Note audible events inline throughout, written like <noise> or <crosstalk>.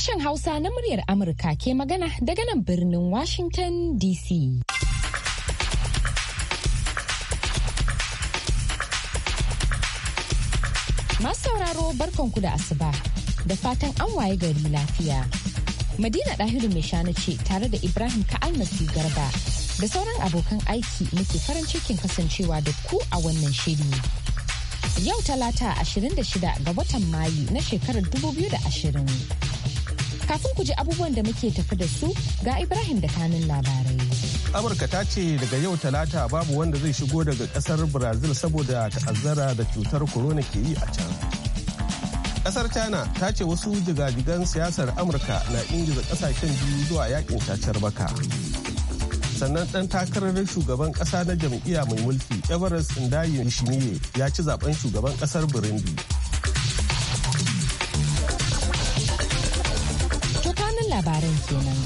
Sashen Hausa na muryar Amurka ke magana daga nan birnin Washington DC. Masu sauraro barkanku da asuba da fatan an waye gari lafiya. Madina Dahiru mai shana ce tare da Ibrahim Ka'almasi Garba da sauran abokan aiki muke farin cikin kasancewa da ku a wannan shiri. Yau talata 26 ga watan Mayu na shekarar 2020. Kafin ku ji abubuwan da muke tafi da su ga Ibrahim da kanin labarai. Amurka ta ce daga yau talata babu wanda zai shigo daga kasar Brazil saboda ta'azzara da cutar corona ke yi a can. Kasar China ta ce wasu jigajigan siyasar Amurka na ingiza kasashen biyu zuwa yakin cacar baka. sannan dan takarar shugaban kasa na jam'iyya mai mulki everest ndayi shiniye ya ci zaben shugaban kasar burundi kenan.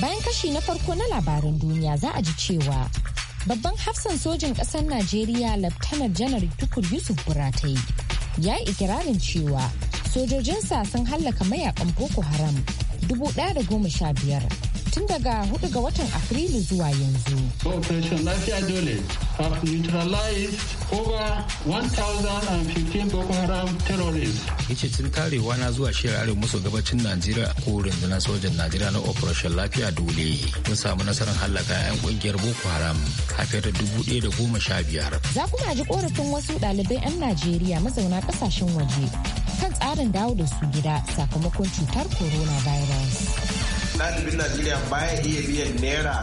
Bayan kashi na farko na labaran duniya za a ji cewa babban hafsan sojin ƙasar Najeriya Laftanar Janar Tukur Yusuf Buratai ya yi ikirarin cewa sojojinsa sun hallaka mayakan Boko Haram dubu ɗaya da goma sha biyar tun daga hudu ga watan Afrilu zuwa yanzu. Operation Lafiya Dole have neutralized over 1,015 Boko Haram terrorists. Ice tun karewa na zuwa shirar arewa maso gabacin Najeriya ko rundunar sojan Najeriya na Operation Lafiya Dole mun samu nasarar hallaka 'yan kungiyar Boko Haram kafin da dubu ɗaya da goma sha biyar. Za kuma ji korafin wasu ɗalibai 'yan Najeriya mazauna ƙasashen waje kan tsarin dawo da su gida sakamakon cutar coronavirus. ɗalibin najeriya baya iya biyan naira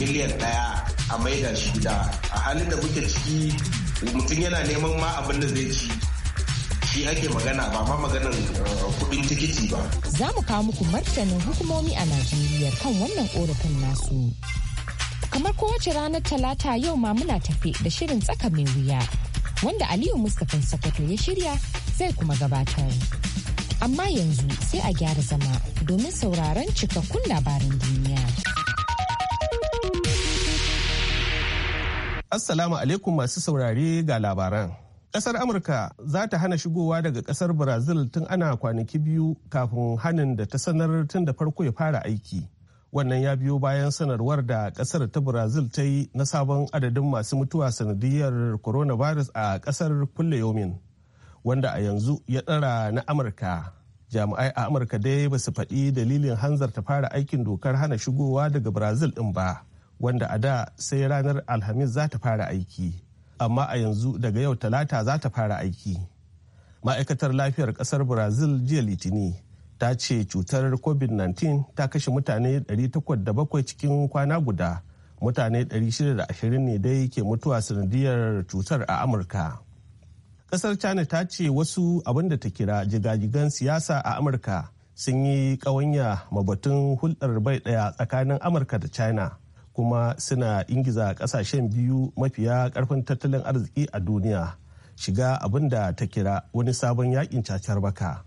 miliyan ɗaya a maida shi da a halin da muke ciki mutum yana neman ma abin da zai ci shi ake magana ba ma maganar uh, kudin tikiti ba. Za mu kawo muku martanin hukumomi a Najeriya kan wannan korafin nasu. Kamar kowace ranar talata yau ma muna tafe da shirin tsaka mai wuya wanda Aliyu Mustapha sakoto ya shirya zai kuma gabatar. Amma yanzu sai a gyara zama domin sauraron cikakkun labaran duniya. Assalamu alaikum masu saurare ga labaran. Kasar Amurka za ta hana shigowa daga kasar Brazil tun ana kwanaki biyu kafin hanin da ta sanar tun da farko ya fara aiki. wannan ya biyo bayan sanarwar da kasar ta brazil ta yi na sabon adadin masu mutuwa sanadiyar coronavirus a kasar kulle yomin wanda a yanzu ya ɗara na amurka jami'ai a amurka dai ba su faɗi dalilin hanzar ta fara aikin dokar hana shigowa daga brazil ɗin ba wanda a da sai ranar alhamis za ta fara aiki amma a yanzu daga yau talata za ta fara aiki ma'aikatar lafiyar ƙasar brazil jiya litini ta ce cutar covid-19 ta kashe mutane 807 cikin kwana guda mutane 620 ne dai ke mutuwa sanadiyar cutar a amurka kasar china ta ce wasu abinda ta kira jigajigan siyasa a amurka sun yi ƙawanya mabatun hulɗar bai ɗaya tsakanin amurka da china kuma suna ingiza ƙasashen biyu mafiya ƙarfin tattalin arziki a duniya shiga abin da ta kira wani sabon yakin cacar baka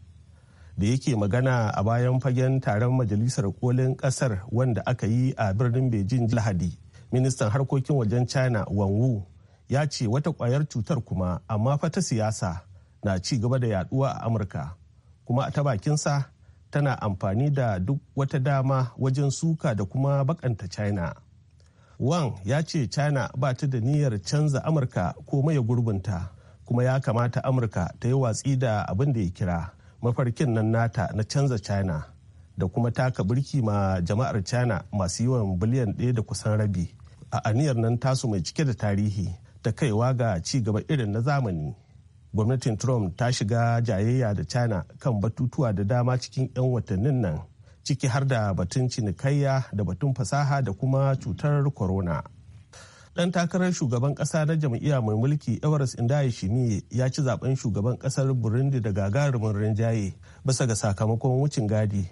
da yake magana a bayan fagen taron majalisar kolin ƙasar wanda aka yi a birnin beijing lahadi ministan harkokin wajen china wang ya ce wata kwayar cutar kuma amma fa ta siyasa na ci gaba da yaduwa a amurka kuma a ta bakinsa tana amfani da duk wata dama wajen suka da kuma bakanta china wang ya ce china ba ta da niyyar canza amurka ko maye gurbinta kuma ya kamata amurka ta yi watsi da abin da ya kira mafarkin nan nata na canza china da kuma taka birki ma jama'ar china masu yawan biliyan ɗaya da kusan rabi a aniyar nan tasu mai cike da tarihi ta kaiwa ga ci gaba irin na zamani gwamnatin trump ta shiga jayayya da china kan batutuwa da dama cikin 'yan watannin nan ciki har da batun cinikayya da batun fasaha da kuma cutar corona dan takarar shugaban kasa na jam'iyya mai mulki everest indaya shimi ya ci zaben shugaban kasar burundi da gagarumin rinjaye bisa ga sakamakon wucin gadi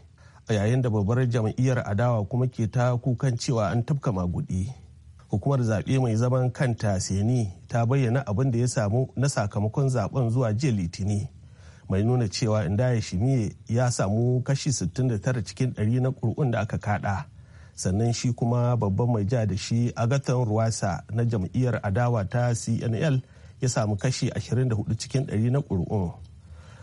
a yayin da babbar jam'iyyar adawa kuma ke ta kukan cewa an tafka magudi. hukumar zaɓe mai zaman kanta seni ta bayyana abin da ya samu na sakamakon zaben zuwa jiya litini mai nuna cewa indaya shimiye ya samu kashi 69 cikin 100 na ƙuri'un da aka kada sannan shi kuma babban mai ja da shi a agatan ruwasa na jam'iyyar adawa ta cnl ya samu kashi 24 cikin 100 na ƙuri'un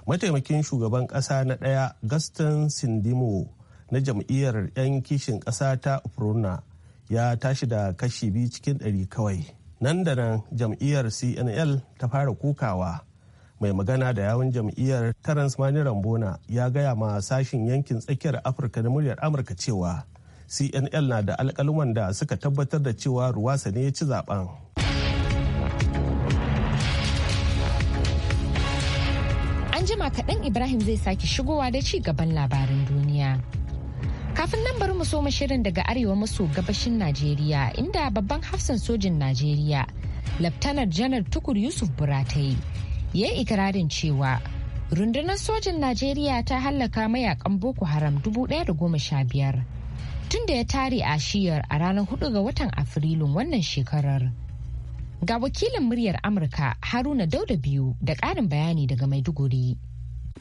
mataimakin shugaban ƙasa na ɗaya gaston sindimo na jam'iyyar 'yan kishin ƙasa ta Frona ya tashi da kashi biyu cikin ɗari kawai nan da nan jam'iyyar cnl ta fara kukawa mai magana da yawun jam'iyyar terence mani rambona ya gaya ma sashin yankin tsakiyar afirka da muryar amurka cewa cnl na da alkaluman da suka tabbatar da cewa ruwasa ne ya ci zaben an jima kaɗan ibrahim zai sake shigowa da ci gaban labarin duniya Kafin nan bari mu so shirin daga arewa maso gabashin Najeriya inda babban hafsan sojin Najeriya, Laftanar Janar Tukur Yusuf Buratai, ya yi ikirarin cewa rundunar sojin Najeriya ta hallaka mayakan Boko Haram 1,015 tun da ya tare a shiyar a ranar 4 ga watan Afrilun wannan shekarar. Ga wakilin muryar Amurka Haruna Dauda biyu da ƙarin bayani daga Maiduguri.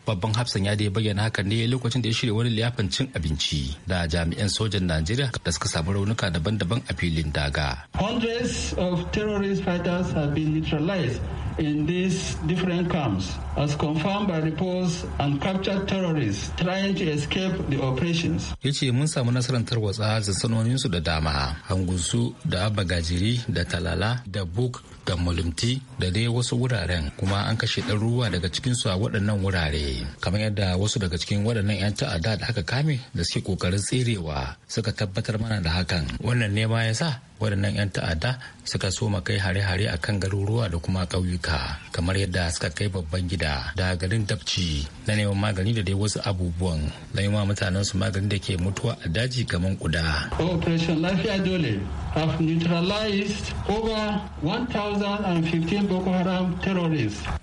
babban hafsan ya da bayyana hakan ne lokacin da ya shirya wani liyafan cin abinci da jami'an sojan najeriya da suka samu raunuka daban-daban a filin daga hundreds of terrorist fighters have been neutralized in these different camps as confirmed by reports and captured terrorists trying to escape the operations. Ya ce mun samu nasarar tarwatsa zansanoninsu da dama, hangunsu da bagajiri da talala da buk da mulumti da dai wasu wuraren kuma an kashe ɗaruruwa daga cikinsu a waɗannan wurare kamar yadda wasu daga cikin waɗannan 'yan ta'adda da aka kame da suke ƙoƙarin tserewa suka tabbatar mana da hakan wannan ne ma ya sa waɗannan 'yan ta'adda suka soma kai hare-hare a kan garuruwa da kuma ƙauyuka kamar yadda suka kai babban gida da garin dabci na neman magani da dai wasu abubuwan laima mutanen su magani da ke mutuwa a daji kamar kuda. operation lafiya dole have neutralized over 1000 Haram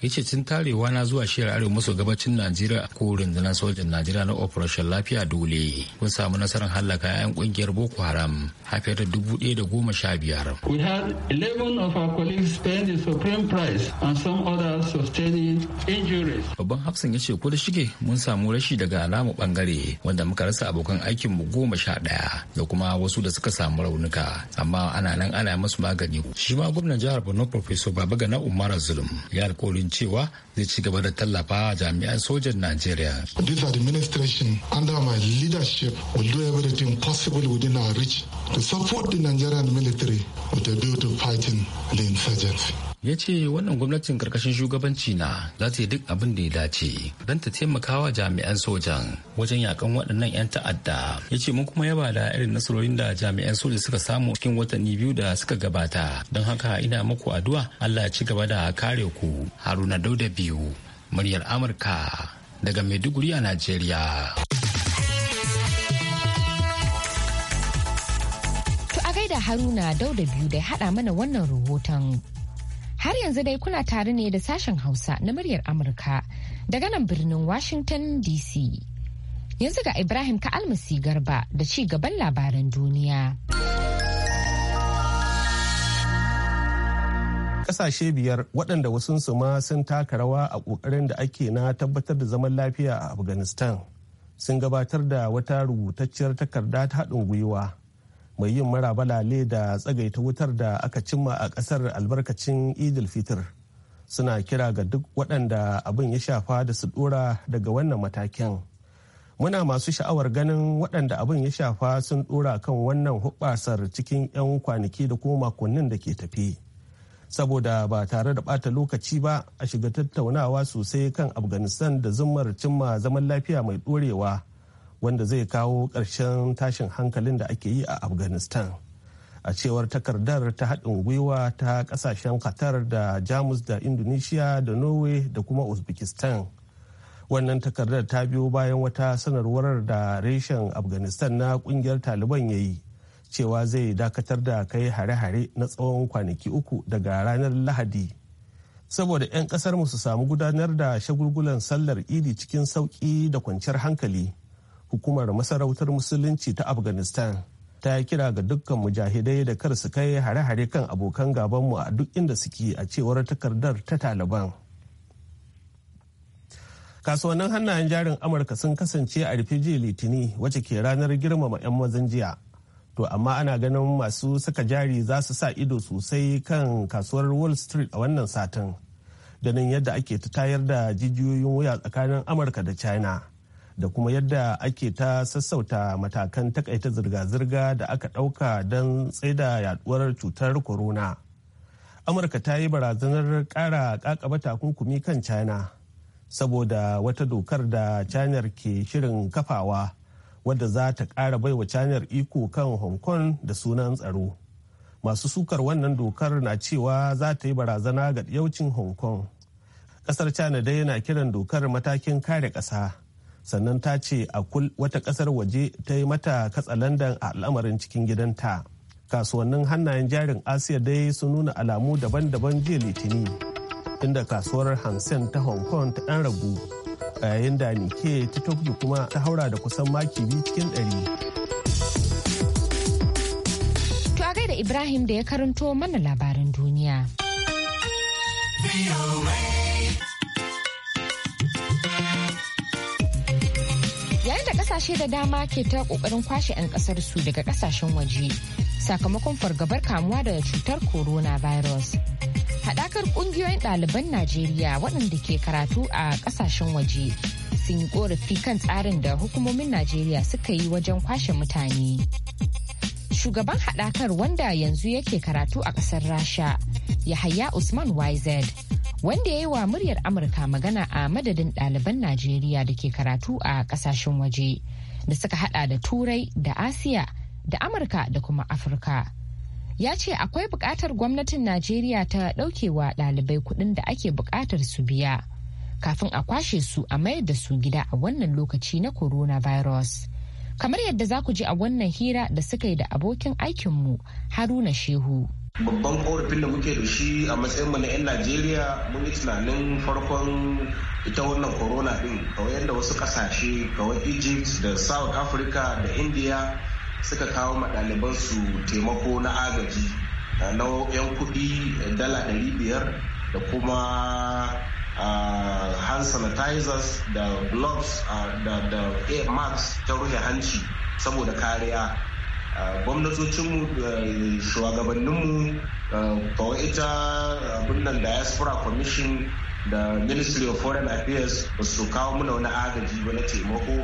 Yace cin tarewa na zuwa shiyar arewa maso gabacin Najeriya ko rundunar sojan Najeriya na Operation Lafiya Dole. Kun samu nasarar hallaka 'yan kungiyar Boko Haram hafiyar da dubu ɗaya da goma sha biyar. We had 11 of our colleagues the supreme price and some others sustained injuries. Babban Hafsan ya ce ko da shige mun samu rashi daga alamu bangare wanda muka rasa abokan mu goma sha ɗaya da kuma wasu da suka samu raunuka amma ana nan ana masu magani. Shi ma gwamnan jihar Borno borno professor na umar zulum ya alkolin cewa zai ci gaba da tallafa jami'an sojan najeriya this administration under my leadership will do everything possible within our reach to support the nigerian military with a view to fighting the insurgency ya ce wannan gwamnatin karkashin shugabanci na za ta yi duk abin da ya dace don ta wa jami'an sojan wajen yakan waɗannan 'yan ta'adda ya ce mun kuma yaba da irin nasarorin da jami'an soja suka samu cikin watanni biyu da suka gabata don haka ina muku addu'a allah ya ci gaba da kare ku haruna dauda biyu muryar amurka daga maiduguri a najeriya to a gaida haruna dauda biyu da haɗa mana wannan rahoton Har yanzu dai kuna tare ne da sashen Hausa na muryar Amurka daga nan birnin Washington DC. Yanzu ga Ibrahim ka almasi Garba da ci gaban labaran duniya. Ƙasashe biyar waɗanda wasunsu ma sun taka rawa a ƙoƙarin da ake na tabbatar da zaman lafiya a Afghanistan sun gabatar da wata rubutacciyar takarda ta haɗin gwiwa mai yin ne da tsagaita wutar da aka cimma a kasar albarkacin idil fitr suna kira ga duk waɗanda abin ya shafa da su ɗora daga wannan matakin muna masu sha'awar ganin waɗanda abin ya shafa sun ɗora kan wannan hubbasar cikin 'yan kwanaki da kuma makonnin da ke tafi saboda ba tare da ɓata lokaci ba a shiga tattaunawa sosai kan afghanistan da zummar cimma zaman lafiya mai ɗorewa wanda zai kawo ƙarshen tashin hankalin da ake yi a afghanistan a cewar takardar ta haɗin gwiwa ta ƙasashen qatar da jamus da indonesia da norway da kuma uzbekistan wannan takardar ta biyo bayan wata sanarwar da reshen afghanistan na ƙungiyar taliban ya yi cewa zai dakatar da kai hare-hare na tsawon kwanaki uku daga ranar lahadi saboda 'yan kasar su samu gudanar da shagulgulan sallar idi cikin sauƙi da kwanciyar hankali hukumar masarautar musulunci ta afghanistan ta kira ga dukkan mujahidai da kar su kai hare-hare kan abokan gabanmu a duk inda suke a cewar takardar ta taliban kasuwannin hannayen jarin amurka sun kasance a rufe jiya litini wacce ke ranar girmama 'yan mazan jiya to amma ana ganin masu saka jari za su sa ido sosai kan kasuwar wall street a wannan satin ganin yadda ake ta tayar da jijiyoyin wuya tsakanin amurka da china da kuma yadda ake ta sassauta matakan takaita zirga-zirga da aka ɗauka don tsaida yaduwar cutar corona. amurka ta yi barazanar ƙara ƙaƙaba takunkumi kan china saboda wata dokar da china ke shirin kafawa wadda za ta ƙara baiwa china iko kan hong kong da sunan tsaro masu sukar wannan dokar na cewa za ta yi barazana ga yaucin hong kong ƙasar china dai yana kiran dokar matakin kare ƙasa sannan ta ce a kul wata kasar waje ta yi mata katsalandan a al'amarin cikin gidanta kasuwannin hannayen jarin asiya dai su nuna alamu daban-daban jiya litini inda kasuwar hansen ta hong kong ta dan ragu a yayin da nike ta tokyo kuma ta haura da kusan maki biyu cikin ɗari. to a gaida ibrahim da ya karanto mana labarin duniya. kasashe da dama ke ta kokarin kwashe 'yan kasar su daga kasashen waje sakamakon fargabar kamuwa da cutar virus. Haɗakar ƙungiyoyin ɗaliban Najeriya waɗanda ke karatu a kasashen waje sun yi ƙorafi kan tsarin da hukumomin Najeriya suka yi wajen kwashe mutane. Shugaban haɗakar wanda yanzu yake karatu a ƙasar Rasha, Yahaya Usman YZ. wanda ya yi wa muryar Amurka magana a madadin ɗaliban Najeriya da ke karatu a ƙasashen waje da suka hada da Turai da Asiya da Amurka da kuma Afirka. Ya ce akwai buƙatar gwamnatin Najeriya ta ɗaukewa ɗalibai kuɗin da ake buƙatar su biya kafin a kwashe su a mayar da su gida a wannan lokaci na coronavirus. Kamar yadda za ku ji a wannan hira da suka yi da abokin aikinmu Haruna Shehu. Babban korafin da muke da shi a mu na 'yan Najeriya mun yi tunanin farkon ita wannan corona din kawai yadda wasu kasashe kawai Egypt da South Africa da India suka kawo ɗaliban su taimako na agaji na 'yan kudi dala 500 da kuma hand sanitizers da gloves da air ta rufe hanci saboda kariya gwamnatocinmu shugabanninmu kawai ita abin nan diaspora commission da ministry of foreign affairs ba su kawo muna wani agaji ba na taimako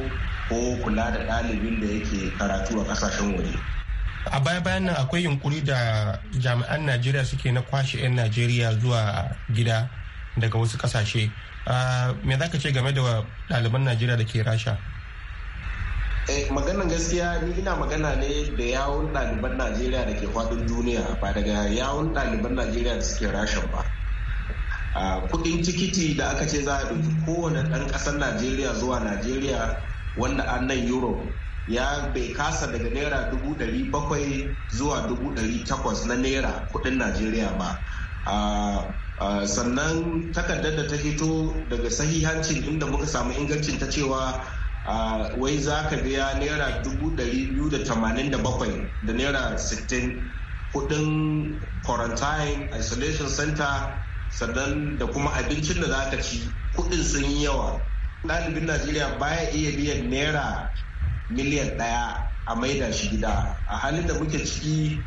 ko kula da ɗalibin da yake karatu a kasashen waje a baya bayan nan akwai yunkuri da jami'an najeriya suke na kwashe 'yan najeriya zuwa gida daga wasu ƙasashe me za ka ce game da ɗaliban najeriya da ke rasha Eh, maganan gaskiya ni ina magana ne da yawun ɗaliban najeriya da ke faɗin duniya ba daga yawun ɗaliban najeriya da suke rashin ba kudin tikiti da aka ce za a ɗauki kowane ɗan ƙasar najeriya zuwa najeriya wanda an nan europe ya bai kasa daga naira dubu ɗari bakwai zuwa dubu ɗari takwas na naira kuɗin najeriya ba sannan takardar da ta fito daga sahihancin inda muka samu ingancin ta cewa wai za ka biya naira dubu dari biyu da tamanin da bakwai da naira sittin kudin quarantine isolation center sannan da kuma abincin da za ka ci kudin sun yi yawa ɗalibin najeriya baya iya biyan naira miliyan ɗaya a maida shi gida a halin da muke ciki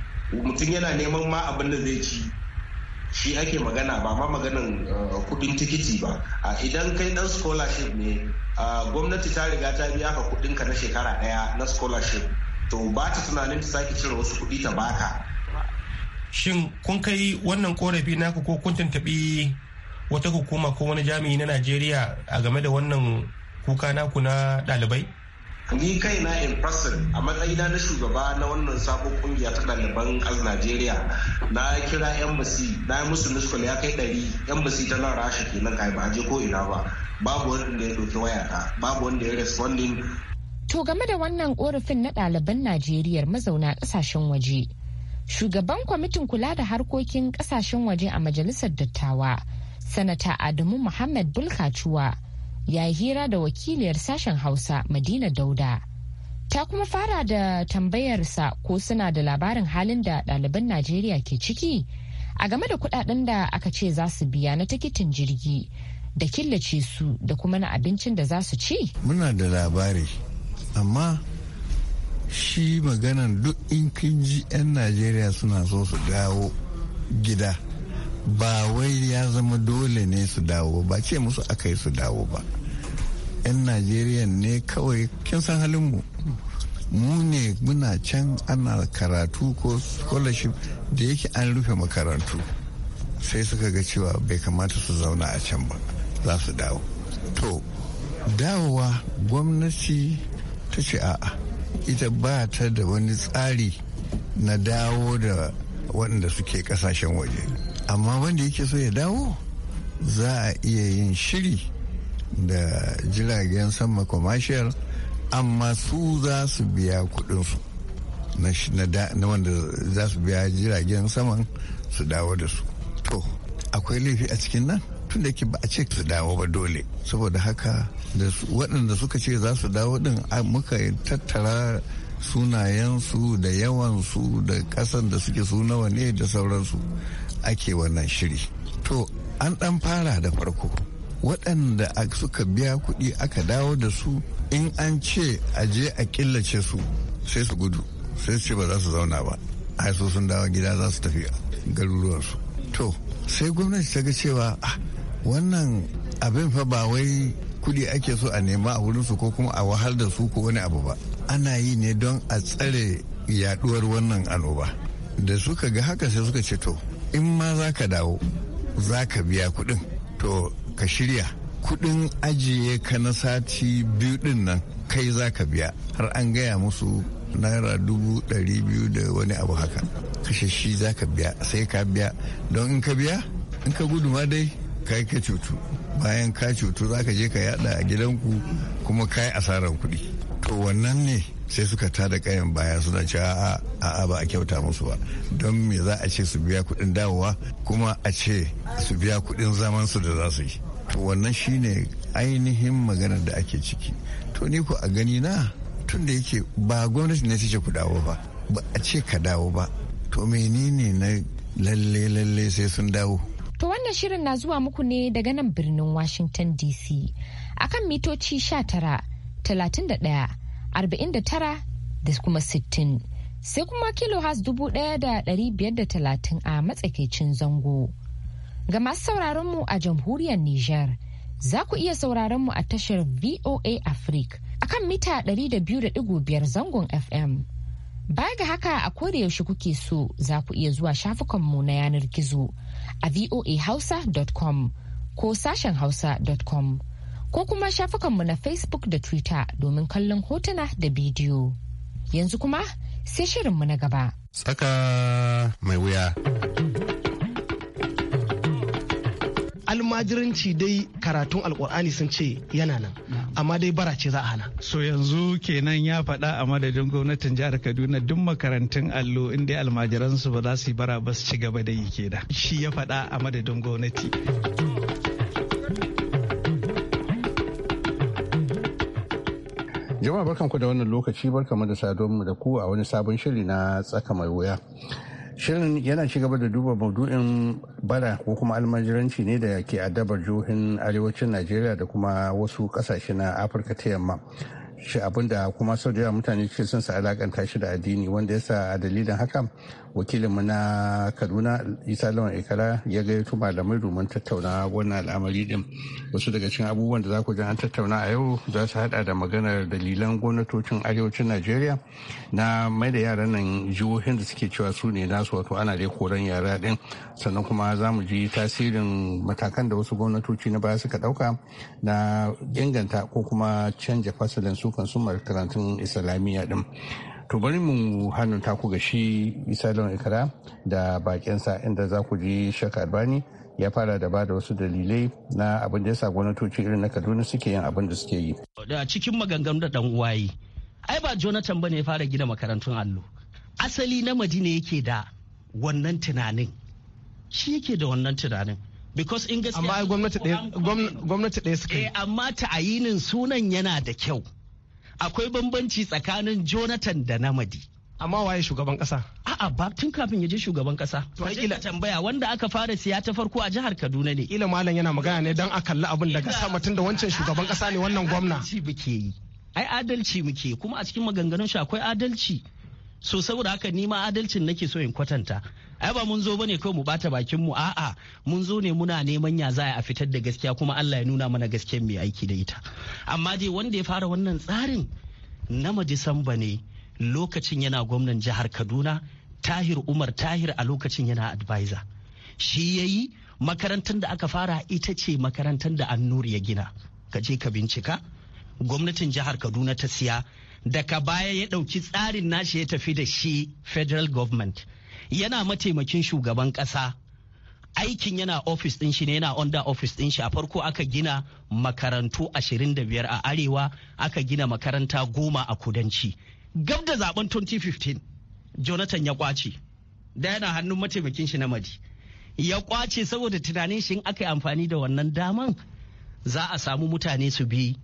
mutum yana neman ma abin da zai ci shi ake magana ba ma maganan eh, kudin tikiti ba idan kai dan scholarship ne gwamnati ta riga ta biya ka kuɗin ka na shekara ɗaya na scholarship to ba ta tunanin ta sake cire wasu kuɗi ta baka shin kun kai wannan korafi naku ko kun tuntuɓi wata hukuma ko wani jami'i na najeriya a game da wannan kuka naku na ɗalibai ni kai in person a matsayina na shugaba na wannan sabon kungiya ta ɗaliban az najeriya na kira embassy na yi musu miskul ya kai ɗari embassy ta nan rasha kenan kai ba je ko ina ba babu wanda ya ɗauki wayata babu wanda ya responding to game da wannan korafin na ɗaliban najeriya mazauna ƙasashen waje shugaban kwamitin kula da harkokin ƙasashen waje a majalisar dattawa sanata adamu muhammad bulkacuwa ya yi hira da wakiliyar sashen Hausa Madina Dauda. Ta kuma fara da tambayarsa ko suna da labarin halin da ɗaliban Najeriya ke ciki a game da kudaden da aka ce za su biya na tikitin jirgi da killace su da kuma na abincin da za su ci. Muna da labari, amma shi maganan duk in kin ji 'yan Najeriya suna so su dawo gida. ba wai ya zama dole ne su dawo ba ce musu aka yi su dawo ba 'yan najeriya ne kawai kin san halinmu mu ne muna can ana karatu ko scholarship da yake an rufe makarantu sai suka ga cewa bai kamata su zauna a can ba za su dawo to dawowa gwamnati ta ce a'a ita ba ta da wani tsari na dawo da waɗanda suke ƙasashen waje amma wanda yake so ya dawo za a iya yin shiri da jiragen sama commercial amma su za su biya kudinsu na wanda za su biya jiragen saman su dawo da su to akwai laifi a cikin nan tun da ke ba a ce su dawo ba dole saboda haka da waɗanda suka ce za su dawo din muka tattara sunayensu da yawansu da ƙasan da suke su nawa ne da sauransu ake wannan shiri to an ɗan fara da farko waɗanda suka biya kuɗi aka dawo da su in an ce a je a killace su sai su gudu sai su ce ba za su zauna ba ai su sun dawo gida za su tafi garuruwarsu to sai gwamnati ta ga cewa ah, wannan abin fa ba wai kuɗi ake so a nema a su ko kuma a wahal da su ko wani abu ba ana yi ne don a tsare yaduwar wannan annoba da suka ga haka sai suka ce to in ma za ka dawo za ka biya kuɗin to ka shirya kuɗin ajiye ka na sati biyu din nan kai za ka biya har an gaya musu naira dubu ɗari biyu da wani abu haka kashe shi za ka biya sai ka biya don in ka biya in ka gudu ma dai kai ka cutu bayan ka cutu za ka je ka yada a gidanku kuma kai asarar kuɗi to wannan ne sai suka tada kayan baya suna cewa a'a ba a kyauta musu ba don me za a ce su biya kuɗin dawowa kuma a ce su biya kuɗin zaman su da za su yi to wannan shine ainihin magana da ake ciki to ni ko a gani na tun da yake ba gwamnati ne ce ku dawo ba ba a ce ka dawo ba to menene na lalle lalle sai sun dawo to wannan shirin na zuwa muku ne daga nan birnin washington dc akan mitoci 19 31 49 da kuma 60 sai kuma kilohas 1530 a matsakaicin zango. Ga masu sauraron mu a jamhuriyar Nijar, za ku iya sauraron mu a tashar VOA Africa akan mita 200.5 zangon FM. Baya ga haka a koda yaushe kuke so za ku iya zuwa shafukanmu na yanar gizo a voahausa.com ko sashen hausa.com. ko kuma shafukanmu na Facebook da Twitter domin kallon hotuna da bidiyo. Yanzu kuma sai shirinmu na gaba. Tsaka mai wuya. almajiranci dai karatun alkur'ani sun ce yana nan amma dai bara ce za a hana so yanzu kenan ya faɗa a madadin gwamnatin jihar kaduna duk makarantun allo inda almajiransu ba za su yi bara ba su ci gaba da yi ke da. shi ya faɗa a madadin gwamnati Jama'a barkanku da wannan lokaci barkanmu da mu da ku a wani sabon shiri na tsaka mai wuya. Shirin yana ci gaba da duba maudu'in bara ko kuma almajiranci ne da ke addabar jihohin arewacin Najeriya da kuma wasu kasashe na Afirka ta yamma. shi abinda kuma sau da yawa mutane ke sun su alakanta shi da addini wanda yasa a dalilin haka wakilinmu na kaduna isa lawan ikara ya gayyato malamai domin tattauna wannan al'amari din wasu daga cikin abubuwan da za ku ji an tattauna a yau za su hada da maganar dalilan gwamnatocin arewacin najeriya na mai da yaran nan jihohin da suke cewa su ne nasu wato ana dai koran yara din sannan kuma za mu ji tasirin matakan da wasu gwamnatoci na baya suka dauka na inganta ko kuma canja fasalin su kan su makarantun islamiyya din To bari mu hannun taku ga shi Isa Lawan Ikara da bakinsa inda za ku ji Shaka Albani ya fara da bada wasu dalilai na abin da ya sa gwamnatoci irin na Kaduna suke yin abin da suke yi. Da cikin maganganu da dan uwaye. Ai ba Jonathan bane ya fara gina makarantun allo. Asali na Madina yake da wannan tunanin. Shi yake da wannan tunanin. Because in gaskiya amma gwamnati ɗaya suka yi. Eh, amma ayinin sunan yana da kyau. akwai bambanci tsakanin jonathan da namadi amma waye shugaban kasa a'a ba tun kafin ya je shugaban kasa to kila tambaya wanda aka fara siya ta farko a jihar Kaduna ne kila malam yana magana ne dan a kalli abin daga sama tun da wancan shugaban kasa ne wannan gwamna yi ai adalci muke kuma a cikin maganganun shi akwai adalci so saboda haka ni ma adalcin nake so in kwatanta ai ba mun zo bane kawai mu bata bakin mu a'a mun zo ne muna neman ya za a fitar da gaskiya kuma Allah ya nuna mana gaskiyar mai aiki da ita amma dai wanda ya fara wannan tsarin nama Disamba ne lokacin yana gwamnan jihar Kaduna Tahir Umar Tahir a lokacin yana advisor shi yayi makarantar da aka fara ita ce makarantar da Annur ya gina ka je ka bincika gwamnatin jihar Kaduna ta siya daga baya ya ɗauki tsarin nashi ya tafi da shi federal government yana mataimakin shugaban ƙasa aikin yana ofis ɗin shi ne yana under office ɗin shi a farko aka gina makarantu 25 a arewa aka gina makaranta goma a kudanci gab da zaben 2015 jonathan ya kwace da yana hannun mataimakin shi na madi ya kwace saboda tunanin shi aka yi amfani da wannan daman za a samu mutane su bi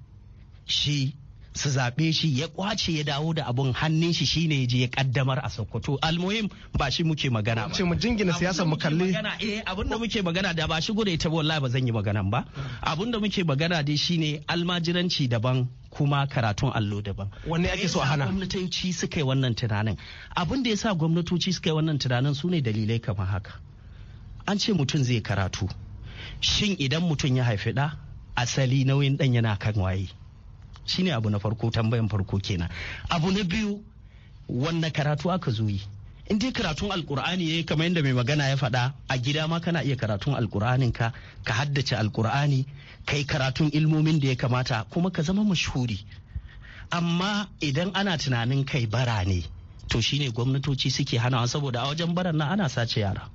shi su zaɓe shi ya kwace ya dawo da abun hannun shi shine je ya kaddamar a Sokoto almuhim ba shi muke magana ba ce mu jingina siyasar mu kalli eh abin da muke magana da ba shi gure ita wallahi ba zan yi magana ba abin da muke magana dai shine almajiranci daban kuma karatun allo daban. Wanne ake so a hana? Gwamnatoci suka yi wannan tunanin. Abin da ya sa gwamnatoci suka yi wannan tunanin su ne dalilai kamar haka. An ce mutum zai karatu. Shin idan mutum ya haifi da asali nauyin dan yana kan waye. shine abu na farko tambayan farko kenan abu na biyu wanne karatu aka zo yi in dai karatun alkur'ani yi kama yadda mai magana ya faɗa a gida ma kana iya karatun alkur'anin ka ka haddace alkur'ani kai karatun ilmomin da ya kamata kuma ka zama mashuri amma idan ana tunanin kai bara ne to shine gwamnatoci suke hanawa saboda a wajen baran nan ana sace yara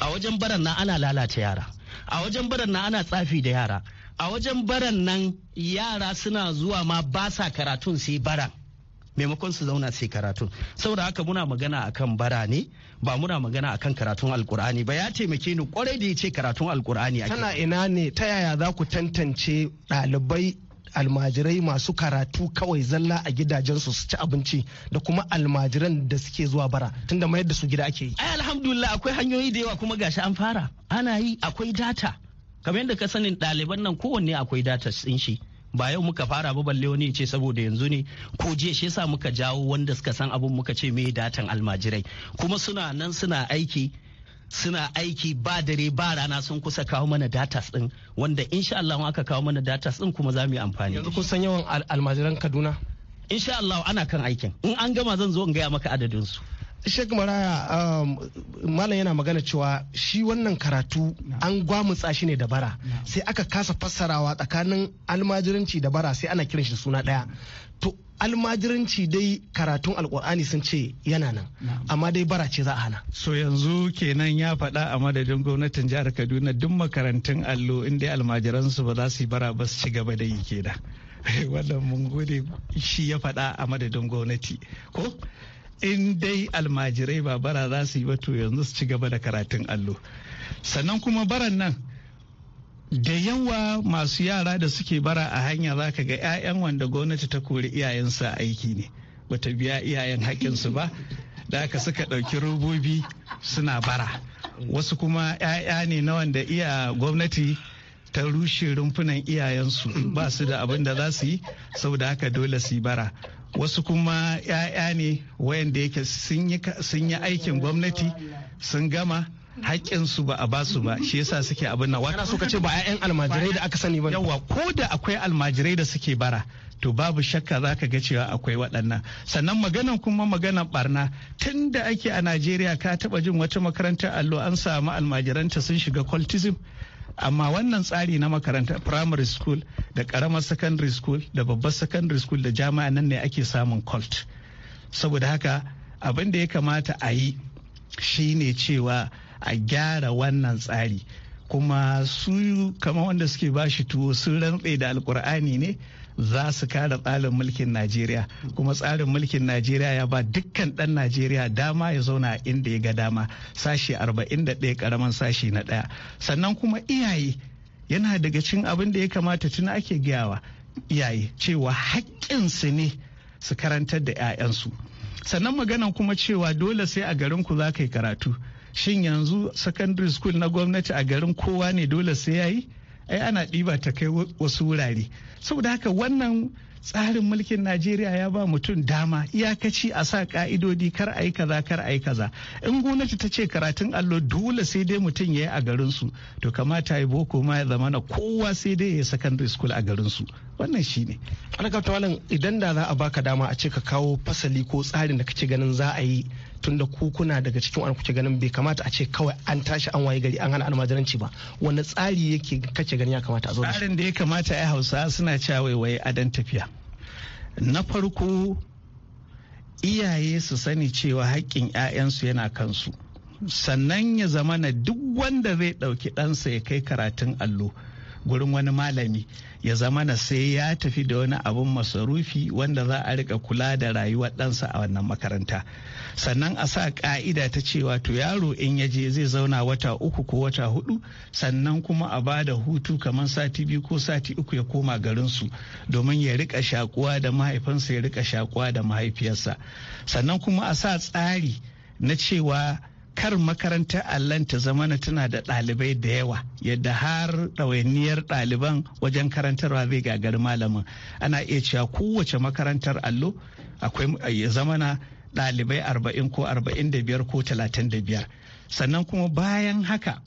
a wajen baran nan ana lalata yara a wajen baran nan ana tsafi da yara a wajen baran nan yara suna zuwa ma ba sa karatun sai bara maimakon su zauna sai karatun saboda haka muna magana akan bara ne ba muna magana akan karatun alkur'ani ba ya taimake ni kwarai da ya ce karatun alkur'ani tana ina ne ta yaya za ku tantance ɗalibai almajirai masu karatu kawai zalla a gidajensu su ci abinci da kuma almajiran da suke zuwa bara tunda mayar da su gida ake yi. Ai alhamdulillah akwai hanyoyi da yawa kuma gashi an fara ana yi akwai data kamar yadda ka sanin ɗaliban nan kowanne akwai data sun shi ba yau muka fara ba balle wani ce saboda yanzu ne ko je shi yasa muka jawo wanda suka san abun muka ce me datan almajirai kuma suna nan suna aiki suna aiki ba dare ba rana sun kusa kawo mana data din wanda insha Allah aka kawo mana data din kuma za mu yi amfani yanzu kusan san yawan almajiran Kaduna insha Allah ana kan aikin in an gama zan zo in gaya maka adadin su Sheikh Maraya um, Malam yana magana cewa shi wannan karatu an gwamutsa shi ne da bara sai aka kasa fassarawa tsakanin almajiranci da bara sai ana kiran shi suna ɗaya. To almajiranci dai karatun alkur'ani sun ce yana nan amma dai bara ce za a hana so yanzu kenan ya faɗa a madadin gwamnatin jihar kaduna duk makarantun allo inda almajiransu ba za su yi bara ba su ci gaba da yi kenan <laughs> wannan mun gode shi ya faɗa a madadin gwamnati ko in dai almajirai ba bara za su yi ba to yanzu su ci gaba da karatun allo sannan kuma baran nan da yawa masu yara da suke bara a hanya za ka ga 'ya'yan wanda gwamnati ta kori iyayen su aiki ne bata biya iyayen haƙƙinsu ba da aka suka ɗauki robobi suna bara wasu kuma 'ya'ya ne na wanda iya gwamnati ta rushe rumfunan iyayensu ba su da abin da za su yi saboda haka dole su bara wasu kuma 'ya'ya ne wayanda yake sun yi aikin gwamnati sun gama haƙƙinsu ba a basu ba shi yasa suke abin na wata so ce ba 'ya'yan almajirai da aka sani ba yawa ko da akwai almajirai da suke bara to babu shakka za ka ga cewa akwai waɗannan sannan maganan kuma maganan barna tun da ake a najeriya ka taɓa jin wata makarantar allo an samu almajiranta sun shiga cultism amma wannan tsari na makaranta primary school da karamar secondary school da babbar secondary school da jami'a nan ne ake samun cult saboda haka abin da ya kamata a yi shine cewa a gyara wannan tsari kuma su kama wanda suke bashi tuwo sun rantse da alkur'ani ne za su kare tsarin mulkin najeriya kuma tsarin mulkin najeriya ya ba dukkan ɗan najeriya dama ya zauna inda ya ga dama sashi 41 karaman sashi na ɗaya sannan kuma iyaye yana daga cin abin da ya kamata tun ake gayawa iyaye cewa su ne su karantar da 'ya'yansu sannan maganan kuma cewa dole sai a garin ku za ka yi karatu shin yanzu secondary school na gwamnati a garin kowa ne dole sai ya yi ai ana ɗiba ta kai wasu wurare saboda haka wannan tsarin mulkin najeriya ya ba mutum dama iyakaci a sa ka'idodi kar a yi kaza kar a yi kaza in gwamnati ta ce karatun allo dole sai dai mutum ya yi a garinsu to kamata ya boko ma ya zamana kowa sai dai ya yi secondary school a su. wannan shi ne idan da za a baka dama a ce ka kawo fasali ko tsarin da kace ganin za a yi tunda ku kuna daga cikin wani kuke ganin bai kamata a ce kawai an tashi an waye gari an hana almajiranci ba wanda tsari yake kake gani ya kamata a zo tsarin da ya kamata ai hausa suna cewa waiwaye adan tafiya na farko iyaye su sani cewa haƙƙin 'ya'yansu yana kansu sannan ya zama na duk wanda zai ɗauki ɗansa ya kai karatun allo gurin wani malami ya zama na sai ya tafi da wani abun masarufi wanda za a rika kula da rayuwar ɗansa a wannan makaranta sannan a sa ka'ida ta cewa to yaro in ya je zai zauna wata uku ko wata hudu sannan kuma a ba da hutu kamar sati biyu ko sati uku ya koma garinsu domin ya rika shakuwa da mahaifinsa ya rika shakuwa da mahaifiyarsa sannan kuma a sa tsari na cewa kar makarantar allan ta zamana tana da ɗalibai da yawa yadda har ɗawainiyar ɗaliban wajen karantarwa zai gagari malamin ana iya cewa kowace makarantar allo akwai eh, ya zamana ɗalibai arba'in ko arba'in da biyar ko talatin da biyar sannan kuma bayan haka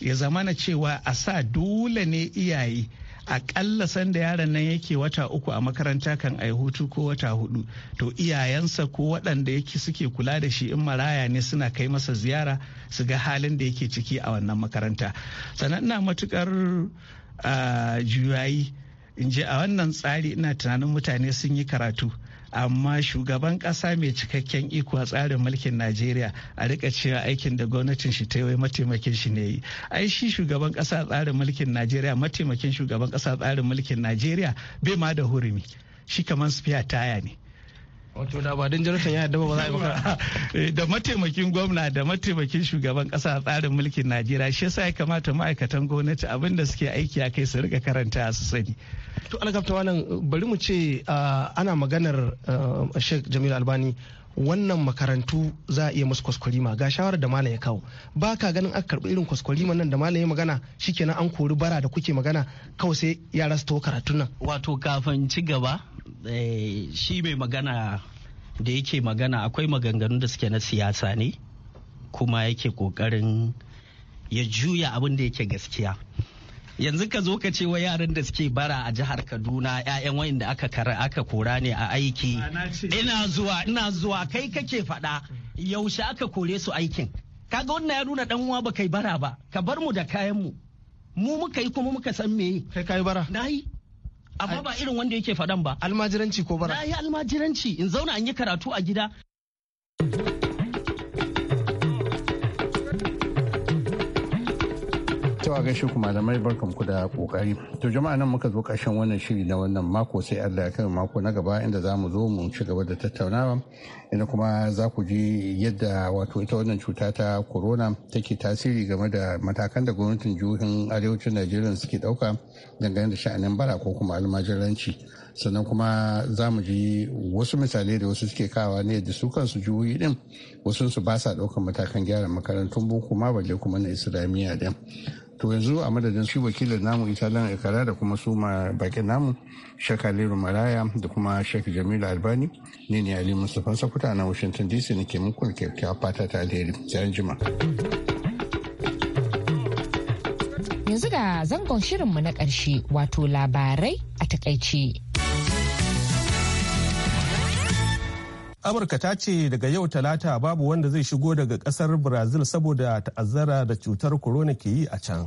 ya zamana cewa a sa dole ne iyaye akalla sanda yaron nan yake wata uku a makaranta kan ai hutu ko wata hudu to iyayensa ko waɗanda yake suke kula da shi in maraya ne suna kai masa ziyara su ga halin da yake ciki a wannan makaranta sannan ina matukar ah, juyayi in je a wannan tsari ina tunanin mutane sun yi karatu amma shugaban kasa mai cikakken iko a tsarin mulkin najeriya a rika cewa aikin da gwamnatin shi ta yi mataimakin shi ne yi ai shi shugaban ƙasa tsarin mulkin najeriya mataimakin shugaban ƙasa tsarin mulkin najeriya bai ma da hurumi shi kamar spiya taya ne wato da ba don jonathan ya yadda ba za a yi ba eh, da mataimakin gwamna da mataimakin shugaban kasa a tsarin mulkin najeriya shi yasa ya kamata ma'aikatan gwamnati abin da suke aiki a kai su rika karanta su sani to algafta wannan bari mu ce ana maganar eh, sheikh Jamilu albani wannan makarantu za a iya musu kwaskwarima ga shawarar da malam ya kawo ba ka ganin aka karɓi irin kwaskwarima nan da malam ya magana shikenan an kori bara da kuke magana kawai sai ya su karatun nan wato kafin ci gaba shi mai magana da yake magana akwai maganganu da suke na siyasa ne kuma yake kokarin ya juya abin da yake gaskiya yanzu ka zo ka ce wa yaran da suke bara a jihar kaduna 'ya'yan wayan da aka kara aka kora ne a aiki ina zuwa ina zuwa kai kake faɗa yaushe aka kore su aikin kaga wannan ya nuna dan uwa ba kai bara ba ka bar mu da kayan mu mu muka yi kuma muka san me kai kai bara nayi amma ba irin wanda yake faɗan ba almajiranci ko bara na yi almajiranci in zauna an yi karatu a gida To gaishe ku malamai barkan ku da kokari. To jama'a nan muka zo ƙarshen wannan shiri na wannan mako sai Allah ya kai mako na gaba inda za mu zo mu ci gaba da tattaunawa inda kuma za ku ji yadda wato ita wannan cuta ta corona take tasiri game da matakan da gwamnatin jihohin arewacin Najeriya suke dauka dangane da sha'anin bara ko kuma almajiranci. sannan kuma za mu ji wasu misalai da wasu suke kawa ne da su kansu jihohi din wasu su ba sa ɗaukan matakan gyara makarantun boko ma balle kuma na islamiyya din to yanzu a madadin shi wakilin namu italian ikara da kuma su ma bakin namu shakaliru maraya da kuma shek jamilu albani ne ne ali mustapha sakuta na washington dc ne ke muku kyakkyawa fata ta alheri sai jima yanzu da zangon shirinmu na ƙarshe wato labarai a takaice. amurka ta ce daga yau talata babu wanda zai shigo daga kasar brazil saboda ta'azzara da cutar corona ke yi a can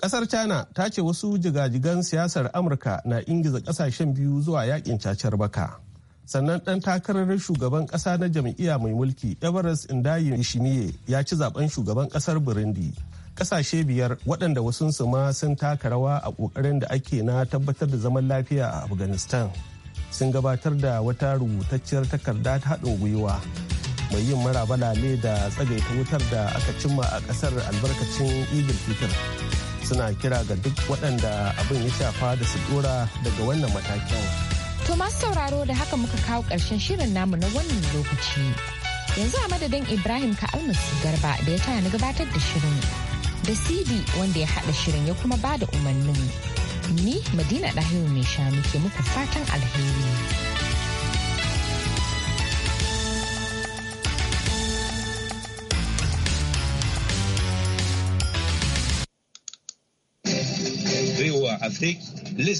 kasar china ta ce wasu jigajigan siyasar amurka na ingiza kasashen biyu zuwa yakin cacar baka sannan dan takarar shugaban kasa na jam'iyya mai mulki everest indayi ishimiye ya ci zaben shugaban kasar burundi kasashe biyar waɗanda wasunsu ma sun taka rawa a ƙoƙarin da ake na tabbatar da zaman lafiya a afghanistan sun gabatar da wata rubutacciyar takarda ta haɗin gwiwa mai yin ne da tsagaita wutar da aka cimma a ƙasar albarkacin eagle fitar suna kira ga duk waɗanda abin ya shafa da su dora daga wannan matakin. To masu sauraro da haka muka kawo ƙarshen shirin namu na wannan lokaci. Yanzu a madadin Ibrahim ka almasi garba da ya tana gabatar da shirin. Da CD wanda ya haɗa shirin ya kuma ba da umarnin. ni madina ɗahiru mai sha muke muku fatan alheri.